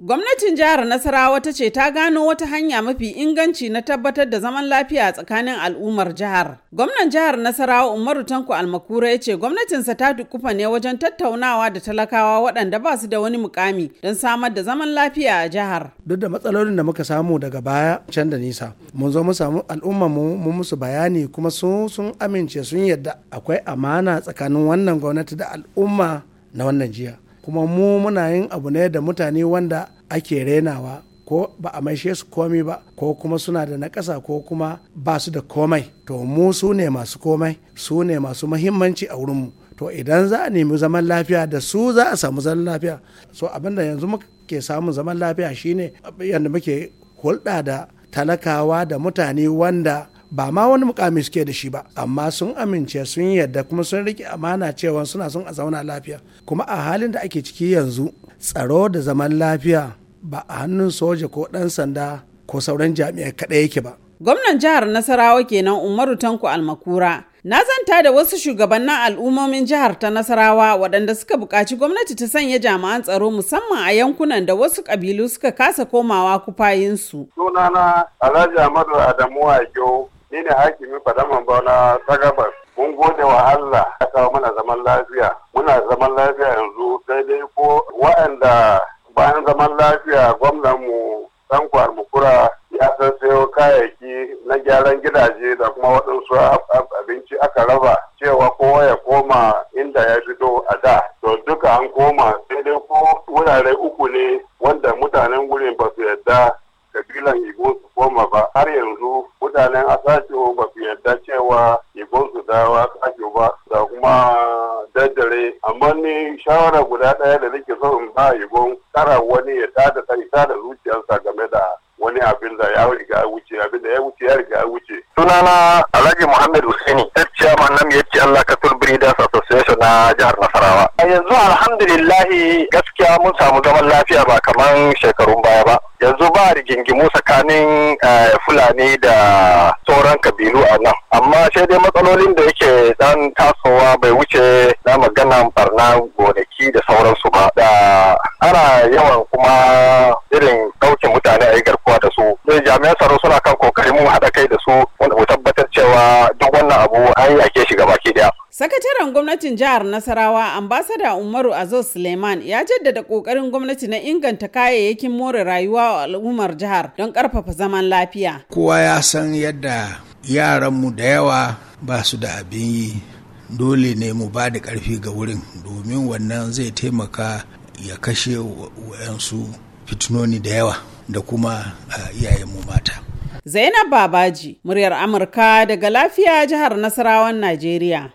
Gwamnatin jihar Nasarawa ta ce ta gano wata hanya mafi inganci na tabbatar da zaman lafiya a tsakanin al'ummar jihar. Gwamnan jihar Nasarawa Umaru Tanko Almakura ya ce gwamnatinsa ta dukufa ne wajen tattaunawa da talakawa waɗanda ba su da wani mukami don samar da zaman lafiya a jihar. Duk da matsalolin da muka samu daga baya can da nisa, mun zo mu samu al'ummar mu mun musu bayani kuma su sun amince sun yadda akwai amana tsakanin wannan gwamnati da al'umma na wannan jiya. kuma mu muna yin abu ne da mutane wanda ake renawa ko ba a maishe su komai ba ko kuma suna da nakasa ko kuma ba su da komai to mu su ne masu komai su ne masu muhimmanci a wurinmu to idan za a nemi zaman lafiya da su za a samu zaman lafiya so abinda yanzu muke samun zaman lafiya shine yadda muke hulɗa da talakawa da mutane wanda ba ma wani mukami suke da shi ba amma sun amince sun yadda kuma sun rike amana cewa suna son a zauna lafiya kuma a halin da ake ciki yanzu tsaro da zaman lafiya ba a hannun soja ko ɗan sanda ko sauran jami'ai kaɗai yake ba gwamnan jihar nasarawa kenan umaru tanko almakura na zanta da wasu shugabannin al'ummomin jihar ta nasarawa waɗanda suka buƙaci gwamnati ta sanya jami'an tsaro musamman a yankunan da wasu ƙabilu suka kasa komawa kufayinsu sunana alhaji amadu adamu wajo ni ne hakimin fadaman bauna ta gabas mun gode wa Allah ya kawo mana zaman lafiya muna zaman lafiya yanzu sai dai ko waɗanda bayan zaman lafiya gwamnanmu dan kwar mukura ya san sayo kayayyaki na gyaran gidaje da kuma waɗansu abinci aka raba cewa kowa ya koma inda ya fito a da to duka an koma sai dai ko wurare uku ne wanda mutanen gurin ba su yadda kabilan igbo su koma ba har yanzu mutanen ko ba su yarda cewa Ibon su dawa Asasio ba da kuma daddare amma ni shawara guda ɗaya da nake so in ba Ibon kara wani ya tada da zuciyarsa game da wani abin da ya riga wuce abin da ya wuce ya riga wuce. Sunana Alhaji Muhammad Hussaini, head chairman na Miyarci Allah Katul Breeders Association na jihar Nasarawa. A yanzu alhamdulillahi gaskiya mun samu zaman lafiya ba kamar shekarun baya ba. ba rigingimu tsakanin eh, fulani da sauran kabilu a nan amma sai dai matsalolin da yake dan tasowa bai wuce na magana barna gonaki da sauransu ba da ana yawan kuma irin ɗauke mutane a yi garkuwa da su jami'an tsaro suna kan kokari mun haɗa kai da su Sakataren gwamnatin jihar Nasarawa ambasada Umaru Azo Suleiman ya jaddada kokarin gwamnati na inganta kayayyakin more rayuwa a al'ummar jihar don karfafa zaman lafiya. Kowa ya san yadda yaranmu da yawa ba su da abin yi dole ne mu ba da karfi ga wurin domin wannan zai taimaka ya kashe wayansu fitinoni da yawa da kuma iyayenmu mata. Zainab Babaji, muryar Amurka daga lafiya jihar Nasarawan Najeriya.